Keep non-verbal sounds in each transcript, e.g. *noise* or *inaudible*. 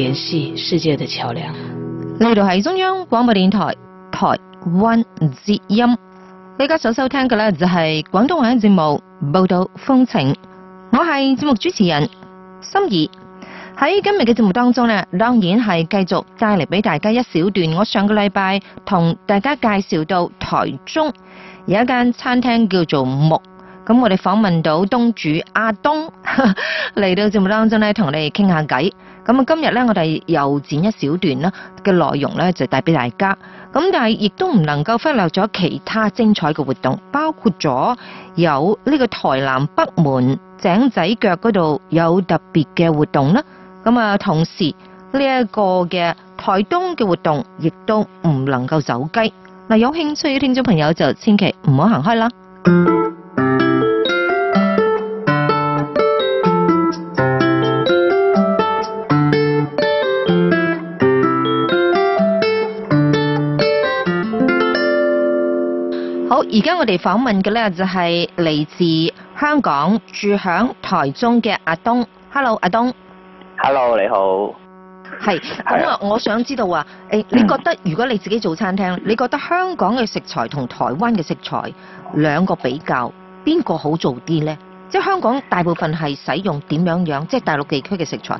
聯繫世界嘅橋樑。呢度係中央廣播電台台灣之音，你而家所收聽嘅咧就係廣東話節目報道風情。我係節目主持人心儀。喺今日嘅節目當中呢，當然係繼續帶嚟俾大家一小段。我上個禮拜同大家介紹到台中有一間餐廳叫做木，咁我哋訪問到東主阿東嚟到節目當中咧，同你哋傾下偈。咁啊！今日咧，我哋又剪一小段啦嘅內容咧，就帶俾大家。咁但係亦都唔能夠忽略咗其他精彩嘅活動，包括咗有呢個台南北門井仔腳嗰度有特別嘅活動啦。咁啊，同時呢一個嘅台東嘅活動亦都唔能夠走雞嗱，有興趣嘅聽眾朋友就千祈唔好行開啦。而家我哋訪問嘅呢，就係嚟自香港住響台中嘅阿東。Hello，阿東。Hello，你好。係，咁啊，哎呀，我想知道啊，誒，你覺得如果你自己做餐廳，嗯、你覺得香港嘅食材同台灣嘅食材兩個比較，邊個好做啲呢？即係香港大部分係使用點樣樣，即係大陸地區嘅食材。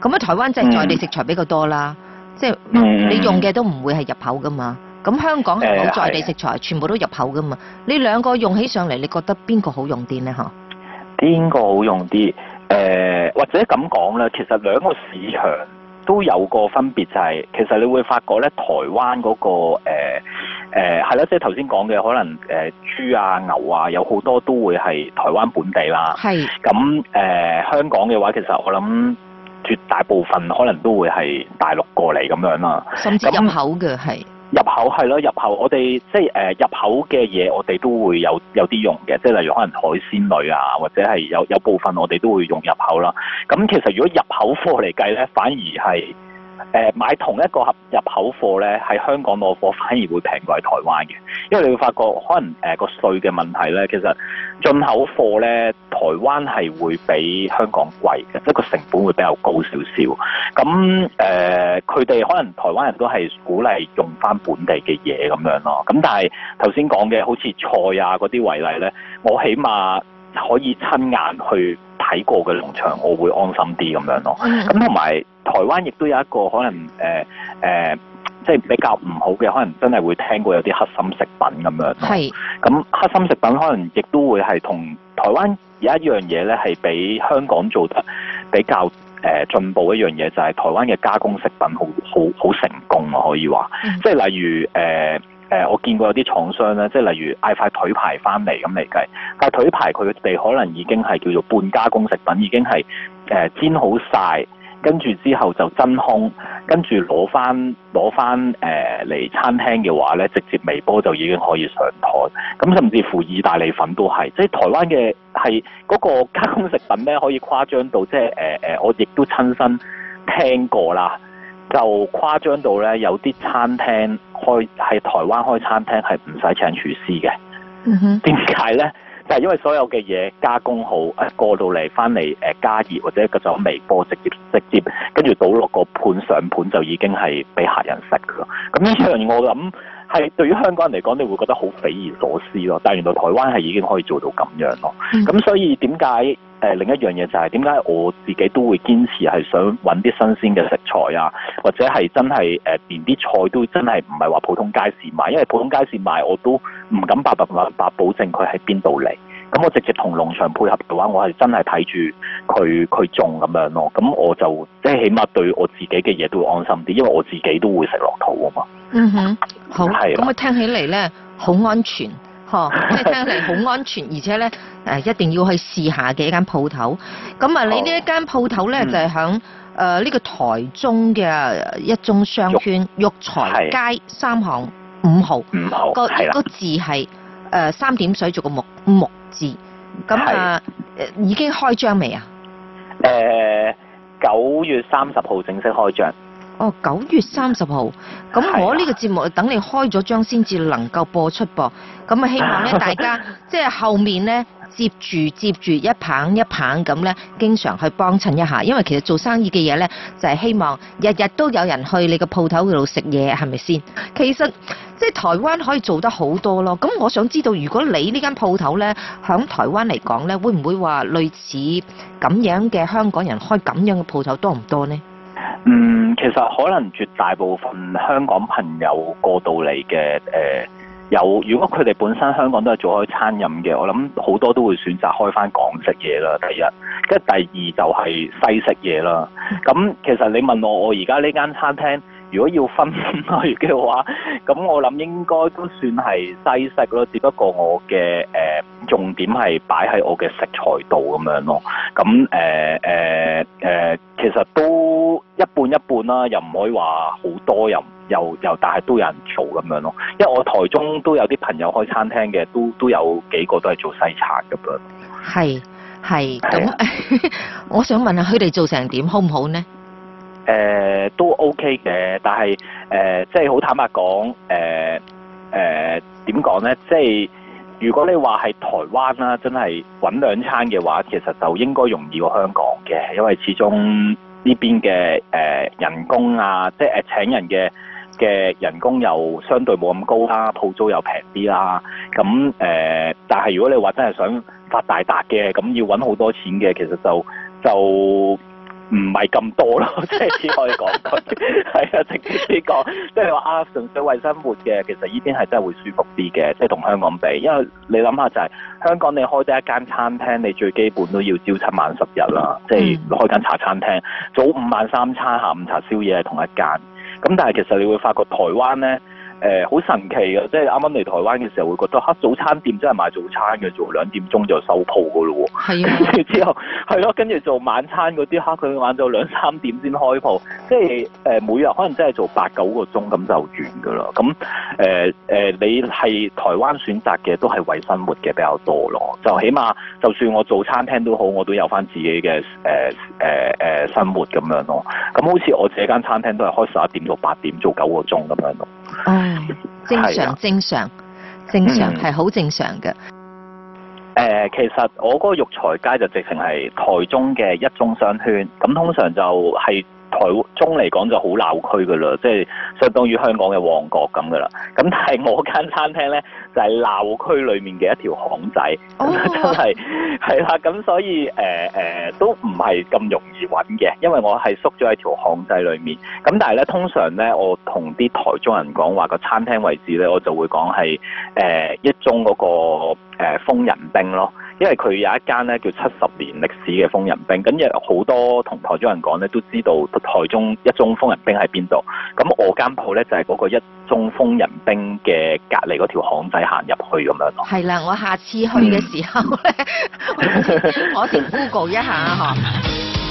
咁咧，台灣即係在地食材比較多啦。嗯、即係你用嘅都唔會係入口噶嘛。咁香港係冇在地食材，呃、全部都入口噶嘛？呢兩個用起上嚟，你覺得邊個好用啲呢？吓，邊個好用啲？誒、呃，或者咁講啦，其實兩個市場都有個分別，就係、是、其實你會發覺咧，台灣嗰、那個誒誒係啦，即係頭先講嘅，可能誒、呃、豬啊牛啊，有好多都會係台灣本地啦。係是的。咁、呃、誒香港嘅話，其實我諗絕大部分可能都會係大陸過嚟咁樣啦。甚至入口嘅係。那是的入口係咯，入口我哋即係、呃、入口嘅嘢，我哋都會有有啲用嘅，即係例如可能海鮮類啊，或者係有有部分我哋都會用入口啦。咁其實如果入口貨嚟計咧，反而係。誒、呃、買同一個入口貨咧，喺香港攞貨反而會平過喺台灣嘅，因為你會發覺可能誒個稅嘅問題咧，其實進口貨咧，台灣係會比香港貴嘅，即係個成本會比較高少少。咁誒，佢、呃、哋可能台灣人都係鼓勵用返本地嘅嘢咁樣咯。咁但係頭先講嘅好似菜啊嗰啲為例咧，我起碼可以親眼去。睇過嘅農場，我會安心啲咁樣咯。咁同埋台灣亦都有一個可能，誒、呃、誒，即、呃、係、就是、比較唔好嘅，可能真係會聽過有啲黑心食品咁樣。係是。咁、嗯、黑心食品可能亦都會係同台灣有一樣嘢咧，係比香港做得比較誒、呃、進步的一樣嘢，就係、是、台灣嘅加工食品好好好成功啊，可以話。嗯、即係例如誒。呃誒、呃，我見過有啲廠商咧，即係例如嗌塊腿排翻嚟咁嚟計，但係腿排佢哋可能已經係叫做半加工食品，已經係誒、呃、煎好晒，跟住之後就真空，跟住攞翻攞翻誒嚟餐廳嘅話咧，直接微波就已經可以上台，咁甚至乎意大利粉都係，即係台灣嘅係嗰個加工食品咧，可以誇張到即係誒誒，我亦都親身聽過啦。就誇張到咧，有啲餐廳開喺台灣開餐廳係唔使請廚師嘅。嗯哼。點解呢？就係、是、因為所有嘅嘢加工好，一過到嚟翻嚟誒加熱或者嗰種微波直接直接跟住倒落個盤上盤就已經係俾客人食噶咯。咁呢樣我諗。係對於香港人嚟講，你會覺得好匪夷所思咯。但係原來台灣係已經可以做到咁樣咯。咁、嗯、所以點解誒另一樣嘢就係點解我自己都會堅持係想搵啲新鮮嘅食材啊，或者係真係誒、呃、連啲菜都真係唔係話普通街市買，因為普通街市買我都唔敢百百百百保證佢喺邊度嚟。咁我直接同農場配合嘅話，我係真係睇住佢佢種咁樣咯、啊。咁我就即係起碼對我自己嘅嘢都會安心啲，因為我自己都會食落肚啊嘛。嗯哼，好，咁我的聽起嚟咧好安全，嗬的，即係聽起嚟好安全， *laughs* 而且咧誒一定要去試下嘅一間鋪頭。咁啊好，你呢一間鋪頭咧就係響誒呢個台中嘅一中商圈育才玉街三行五號，個的個字係誒三點水做個木木字。咁的啊，的已經開張未啊？誒、呃，九月三十號正式開張。哦，九月三十號，咁我呢個節目等你開咗張先至能夠播出噃，咁啊希望咧大家即係後面咧接住接住一棒一棒咁咧，經常去幫襯一下，因為其實做生意嘅嘢咧就係希望日日都有人去你個鋪頭嗰度食嘢，係咪先？其實即係台灣可以做得好多咯，咁我想知道，如果你呢間鋪頭咧響台灣嚟講咧，會唔會話類似咁樣嘅香港人開咁樣嘅鋪頭多唔多呢？嗯，其實可能絕大部分香港朋友過到嚟嘅，誒、呃、有，如果佢哋本身香港都係做開餐飲嘅，我諗好多都會選擇開翻港式嘢啦。第一，跟第二就係西式嘢啦。咁、嗯嗯、其實你問我，我而家呢間餐廳如果要分類嘅話，咁我諗應該都算係西式咯。只不過我嘅誒、呃、重點係擺喺我嘅食材度咁樣咯。咁誒誒誒，其實都～一半一半啦，又唔可以話好多，又又又，但係都有人做咁樣咯。因為我台中都有啲朋友開餐廳嘅，都都有幾個都係做西餐咁樣。係係咁，的那 *laughs* 我想問下佢哋做成點好唔好呢？誒、呃、都 OK 嘅，但係誒即係好坦白講誒誒點講呢？即、就、係、是、如果你話係台灣啦，真係揾兩餐嘅話，其實就應該容易過香港嘅，因為始終、嗯。呢邊嘅誒人工啊，即係誒請人嘅嘅人工又相對冇咁高啦，鋪租又平啲啦，咁誒，但係如果你話真係想發大達嘅，咁要揾好多錢嘅，其實就就。唔係咁多咯，即係只可以講句，係啊， *laughs* *laughs* 直接啲講，即係話啊，純粹為生活嘅，其實呢邊係真係會舒服啲嘅，即係同香港比，因為你諗下就係香港你開得一間餐廳，你最基本都要朝七晚十日啦，即係開間茶餐廳，早午晚三餐，下午茶宵夜係同一間，咁但係其實你會發覺台灣呢。誒好、呃、神奇嘅，即係啱啱嚟台灣嘅時候會覺得，嚇、啊、早餐店真係賣早餐嘅做兩點鐘就收鋪㗎咯喎。係啊。跟住之後係咯，跟住 *laughs* 做晚餐嗰啲嚇，佢晏晝兩三點先開鋪，即係誒、呃、每日可能真係做八九個鐘咁就完㗎啦。咁誒誒，你係台灣選擇嘅都係為生活嘅比較多咯。就起碼就算我做餐廳都好，我都有翻自己嘅誒誒誒生活咁樣咯。咁好似我自己間餐廳都係開十一點到八點做九個鐘咁樣咯。正常，正常，嗯、正常係好正常嘅。誒、呃，其實我嗰個育才街就直情係台中嘅一中商圈，咁通常就係、是。台中嚟講就好鬧區㗎啦，即係相當於香港嘅旺角咁㗎啦。咁但係我間餐廳咧就係、是、鬧區裡面嘅一條巷仔，哦、真係係啦。咁、哦、所以誒誒、呃呃、都唔係咁容易揾嘅，因為我係縮咗喺條巷仔裡面。咁但係咧，通常咧我同啲台中人講話個餐廳位置咧，我就會講係誒一中嗰、那個誒豐仁冰咯。因為佢有一間咧叫七十年歷史嘅豐仁冰，咁亦好多同台中人講咧都知道台中一中豐仁冰喺邊度。咁我間鋪咧就係嗰個一中豐仁冰嘅隔離嗰條巷仔行入去咁樣咯。係啦，我下次去嘅時候咧，嗯、 *laughs* *laughs* 我先 Google 一下嚇。 *laughs*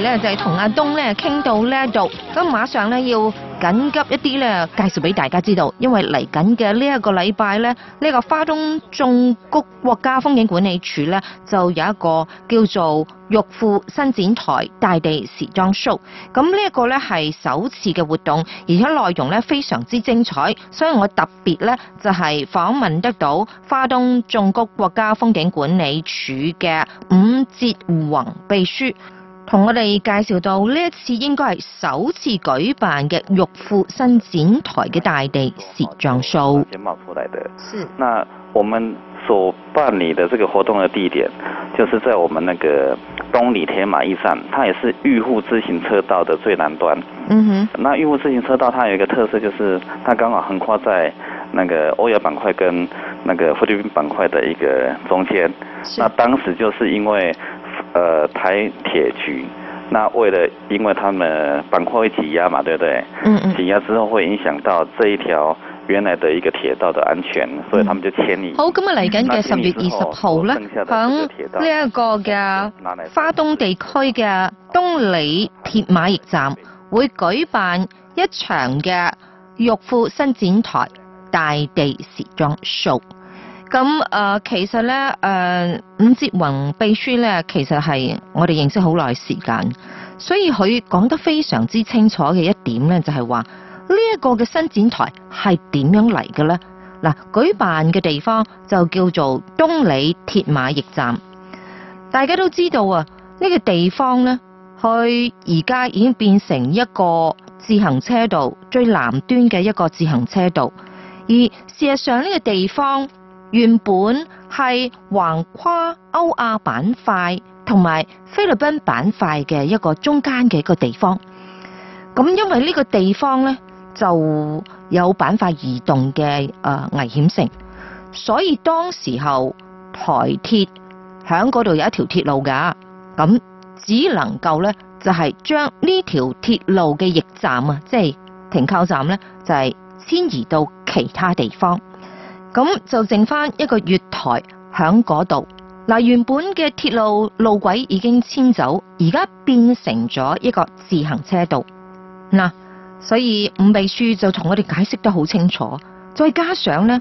咧就係同阿東咧傾到呢度，咁馬上咧要緊急一啲咧介紹俾大家知道，因為嚟緊嘅呢一個禮拜咧，呢、這個花東縱谷國家風景管理處咧就有一個叫做玉富伸展台大地時裝 show，咁呢一個咧係首次嘅活動，而且內容咧非常之精彩，所以我特別咧就係訪問得到花東縱谷國家風景管理處嘅伍哲宏秘書。同我哋介紹到呢一次應該係首次舉辦嘅玉富伸展台嘅大地時裝秀。是。那我們所辦理的這個活動的地點，就是在我們那個東里鐵馬驛站，它也是玉富自行車道的最南端。嗯哼。那玉富自行車道它有一個特色，就是它剛好橫跨在那個歐亞板塊跟那個菲律賓板塊的一個中間。是那當時就是因為，呃，台鐵局，那為了，因為他們板塊會擠壓嘛，對不對？嗯嗯。擠壓之後會影響到這一條原來的一個鐵道的安全，所以他們就遷移。好、嗯，咁啊嚟緊嘅十月二十號呢，響呢一個嘅花東地區嘅東里鐵馬驛站，會舉辦一場嘅玉富伸展台大地時裝 show。咁誒、呃，其實咧誒，伍哲宏秘書咧，其實係我哋認識好耐時間，所以佢講得非常之清楚嘅一點咧，就係話呢一個嘅伸展台係點樣嚟嘅咧？嗱，舉辦嘅地方就叫做東里鐵馬驛站。大家都知道啊，呢、這個地方咧，佢而家已經變成一個自行車道最南端嘅一個自行車道，而事實上呢個地方。原本係橫跨歐亞板塊同埋菲律賓板塊嘅一個中間嘅一個地方，咁因為呢個地方咧，就有板塊移動嘅誒危險性，所以當時候台鐵響嗰度有一條鐵路噶，咁只能夠咧就係將呢條鐵路嘅驛站啊，即係停靠站咧，就係遷移到其他地方。咁就剩翻一個月台喺嗰度。嗱，原本嘅鐵路路軌已經遷走，而家變成咗一個自行車道。嗱，所以五秘書就同我哋解釋得好清楚。再加上咧，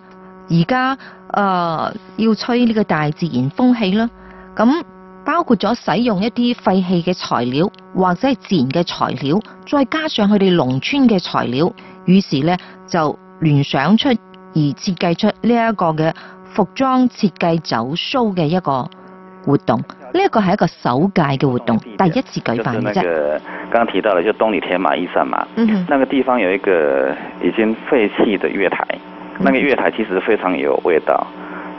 而家誒要吹呢個大自然風氣啦，咁包括咗使用一啲廢棄嘅材料或者係自然嘅材料，再加上佢哋農村嘅材料，於是咧就聯想出。而設計出呢一個嘅服裝設計走 show 嘅一個活動，呢、這、一個係一個首屆嘅活動，第一次舉辦。就係那個剛，剛提到嘅，就東里鐵馬驛站嘛，嗯哼，那個地方有一個已經廢棄嘅月台，嗯、哼那個月台其實非常有味道，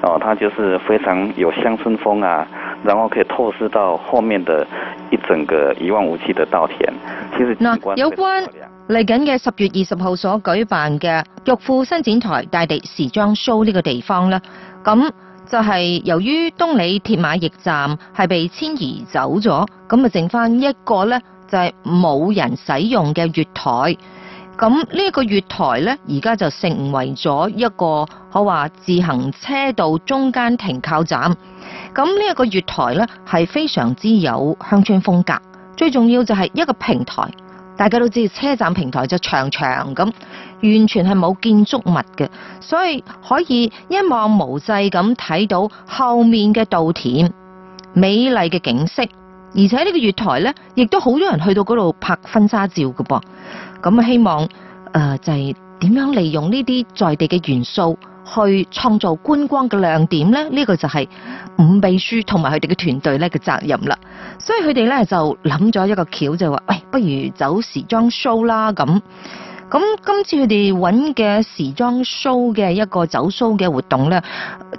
然後，它就是非常有鄉村風啊，然後可以透視到後面的一整個一望無際嘅稻田，其實有關。嚟緊嘅十月二十號所舉辦嘅玉富伸展台大地時裝 show 呢個地方呢，咁就係由於東里鐵馬驛站係被遷移走咗，咁啊剩翻一個呢就係冇人使用嘅月台。咁呢一個月台呢，而家就成為咗一個可話自行車道中間停靠站。咁呢一個月台呢，係非常之有鄉村風格，最重要就係一個平台。大家都知道，車站平台就長長咁，完全係冇建築物嘅，所以可以一望無際咁睇到後面嘅稻田，美麗嘅景色，而且呢個月台咧，亦都好多人去到嗰度拍婚紗照嘅噃。咁希望誒、呃、就係、是、點樣利用呢啲在地嘅元素，去創造觀光嘅亮點咧，呢、這個就係伍秘書同埋佢哋嘅團隊咧嘅責任啦。所以佢哋咧就諗咗一個橋，就話：喂，不如走時裝 show 啦咁。咁今次佢哋揾嘅時裝 show 嘅一個走 show 嘅活動咧，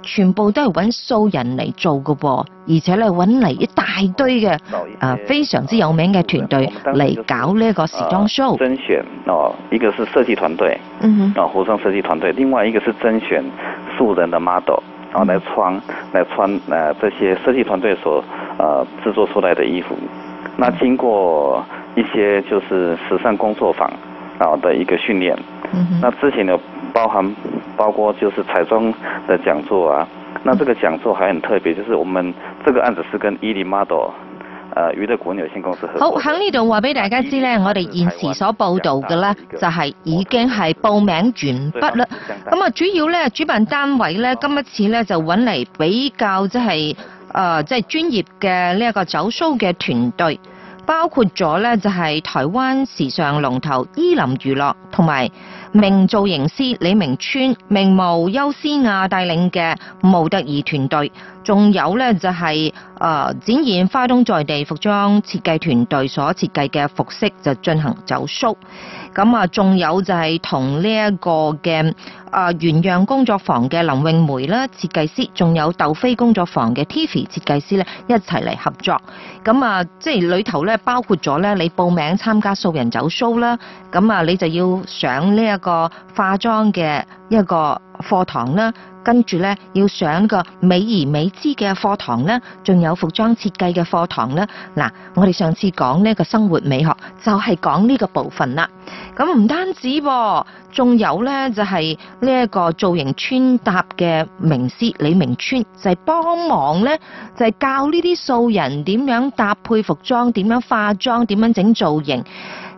全部都係揾素人嚟做嘅喎，而且咧揾嚟一大堆嘅啊，非常之有名嘅團隊嚟搞呢個時裝 show。甄選哦，一個是設計團隊，嗯哼，啊、嗯哼，服裝設計團隊，另外一個是甄選素人的 model，然後嚟穿嚟穿啊，這些設計團隊所啊製作出來的衣服，那經過一些就是時尚工作坊。嘅一個訓練，mm hmm. 那之前呢，包含包括就是彩妝的講座啊，那這個講座還很特別，就是我們這個案子是跟伊林，Model, 呃娛樂管理有限公司合作。好，喺呢度話俾大家知呢，e、我哋現時所報道嘅呢，就係已經係報名完畢啦。咁啊，主要呢，主辦單位呢，好今一次呢、就是呃，就搵嚟比較即係誒即係專業嘅呢一個走 show 嘅團隊。包括咗咧，就係台灣時尚龍頭伊林娛樂。同埋名造型師李明川，名模優斯亞帶領嘅模特兒團隊，仲有咧就係誒展現花東在地服裝設計團隊所設計嘅服飾就進行走 show，咁啊仲有就係同呢一個嘅誒、呃、原樣工作坊嘅林詠梅啦設計師，仲有豆飛工作坊嘅 Tiffy 設計師咧一齊嚟合作，咁啊即係裏頭咧包括咗咧你報名參加素人走 show 啦，咁啊你就要。上呢一個化妝嘅一個課堂啦，跟住咧要上個美而美姿嘅課堂咧，仲有服裝設計嘅課堂咧。嗱，我哋上次講呢一個生活美學就係講呢個部分啦。咁唔單止，仲有咧就係呢一個造型穿搭嘅名師李明川，就係、是、幫忙咧，就係教呢啲素人點樣搭配服裝，點樣化妝，點樣整造型。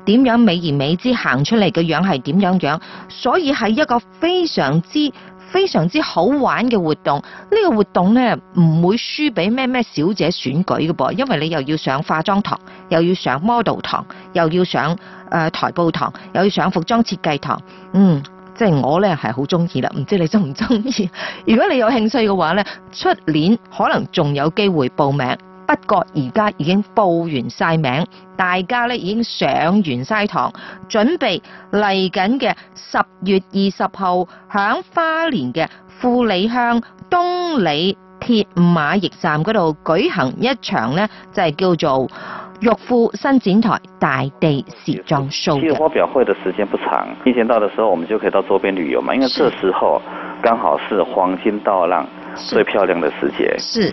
點樣美言美之行出嚟嘅樣係點樣樣，所以係一個非常之非常之好玩嘅活動。呢個活動呢，唔會輸俾咩咩小姐選舉嘅噃，因為你又要上化妝堂，又要上 model 堂，又要上誒台布堂，又要上服裝設計堂。嗯，即係我呢係好中意啦，唔知你中唔中意？如果你有興趣嘅話呢，出年可能仲有機會報名。不過而家已經報完晒名，大家咧已經上完晒堂，準備嚟緊嘅十月二十號響花蓮嘅富里鄉東里鐵馬驛站嗰度舉行一場呢，就係、是、叫做玉富伸展台大地時裝 show 表會嘅時間不長，提前到嘅時候，我們就可以到周邊旅遊嘛。因為這時候剛好是黃金稻浪最漂亮嘅時節。是，是是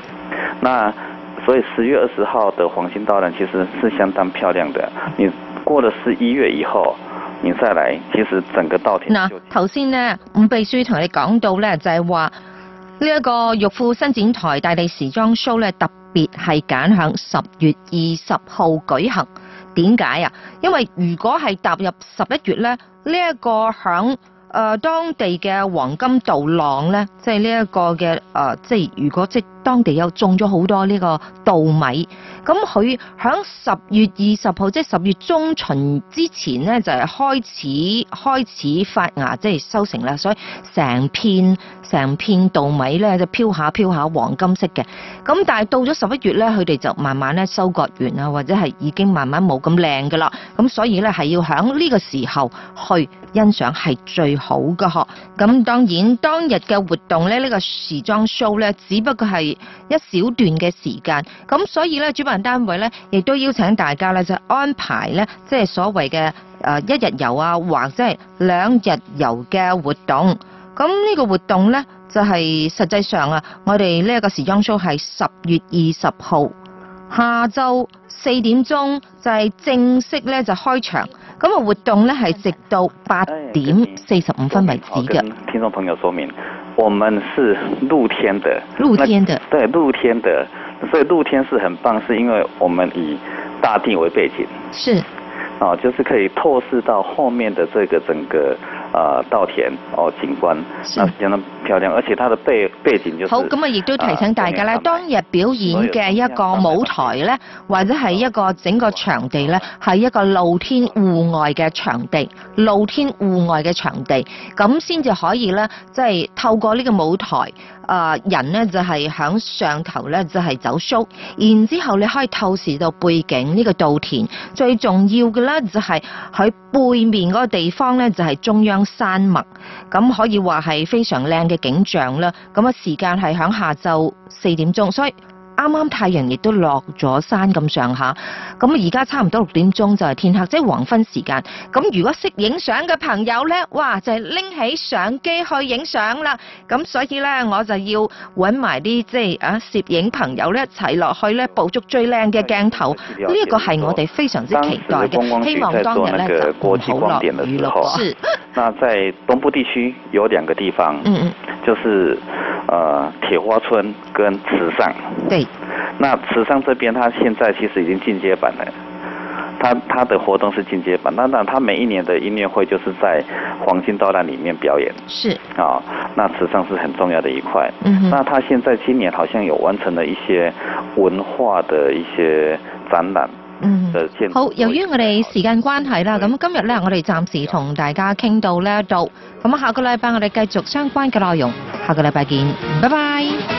所以十月二十號的黃金稻浪呢，其實是相當漂亮的。你過了十一月以後，你再來，其實整個稻田嗱，頭先、啊、呢，伍秘書同你講到呢，就係話呢一個玉富伸展台大地時裝 show 呢，特別係揀響十月二十號舉行。點解啊？因為如果係踏入十一月呢，呢、這、一個響誒、呃、當地嘅黃金稻浪呢，即係呢一個嘅誒、呃，即係如果即當地又種咗好多呢個稻米，咁佢響十月二十號，即係十月中旬之前咧，就係開始開始發芽，即係收成啦。所以成片成片稻米咧就飄下飄下黃金色嘅。咁但係到咗十一月咧，佢哋就慢慢咧收割完啊，或者係已經慢慢冇咁靚噶啦。咁所以咧係要響呢個時候去欣賞係最好嘅嗬，咁當然當日嘅活動咧，呢個時裝 show 咧，只不過係。一小段嘅時間，咁所以咧，主辦單位咧亦都邀請大家咧就安排咧，即係所謂嘅誒一日遊啊，或者係兩日遊嘅活動。咁呢個活動咧就係實際上啊，我哋呢一個時裝 show 係十月二十號下晝四點鐘就係正式咧就開場，咁啊活動咧係直到八點四十五分為止嘅。聽眾朋友，說面。我們是露天的，露天的對，露天的，所以露天是很棒，是因為我們以大地為背景，是，啊、哦，就是可以透視到後面的這個整個。啊，稻、呃、田哦，景觀，啊，非常漂亮，而且它的背背景就是、好。咁啊，亦都提醒大家咧，呃、當日表演嘅一個舞台咧，或者係一個整個場地咧，係一個露天戶外嘅場地，露天戶外嘅場地，咁先至可以咧，即、就、係、是、透過呢個舞台。呃、人呢就係、是、響上頭咧，就係、是、走秀，然之後你可以透視到背景呢個稻田，最重要嘅咧就係、是、喺背面嗰個地方咧，就係、是、中央山脈，咁可以話係非常靚嘅景象啦。咁啊，時間係響下晝四點鐘，所以。啱啱太陽亦都落咗山咁上下，咁而家差唔多六點鐘就係天黑，即係黃昏時間，咁如果識影相嘅朋友咧，哇，就係拎起相機去影相啦。咁所以咧，我就要揾埋啲即係啊攝影朋友咧一齊落去咧，捕捉最靚嘅鏡頭。呢一個係我哋非常之期待嘅，希望當日咧個國際光點嘅時候。是那在東部地區有兩個地方，嗯嗯，就是，呃鐵花村跟慈善。那池上這邊，他現在其實已經進階版了，他他的活動是進階版，那然他每一年的音樂會就是在黃金稻浪裏面表演。是。啊、哦，那池上是很重要的一塊。嗯哼。那他現在今年好像有完成了一些文化的一些展覽。嗯。好，由於我哋時間關係啦，咁對今日呢，我哋暫時同大家傾到呢度，咁下個禮拜我哋繼續相關嘅內容，下個禮拜見，拜拜。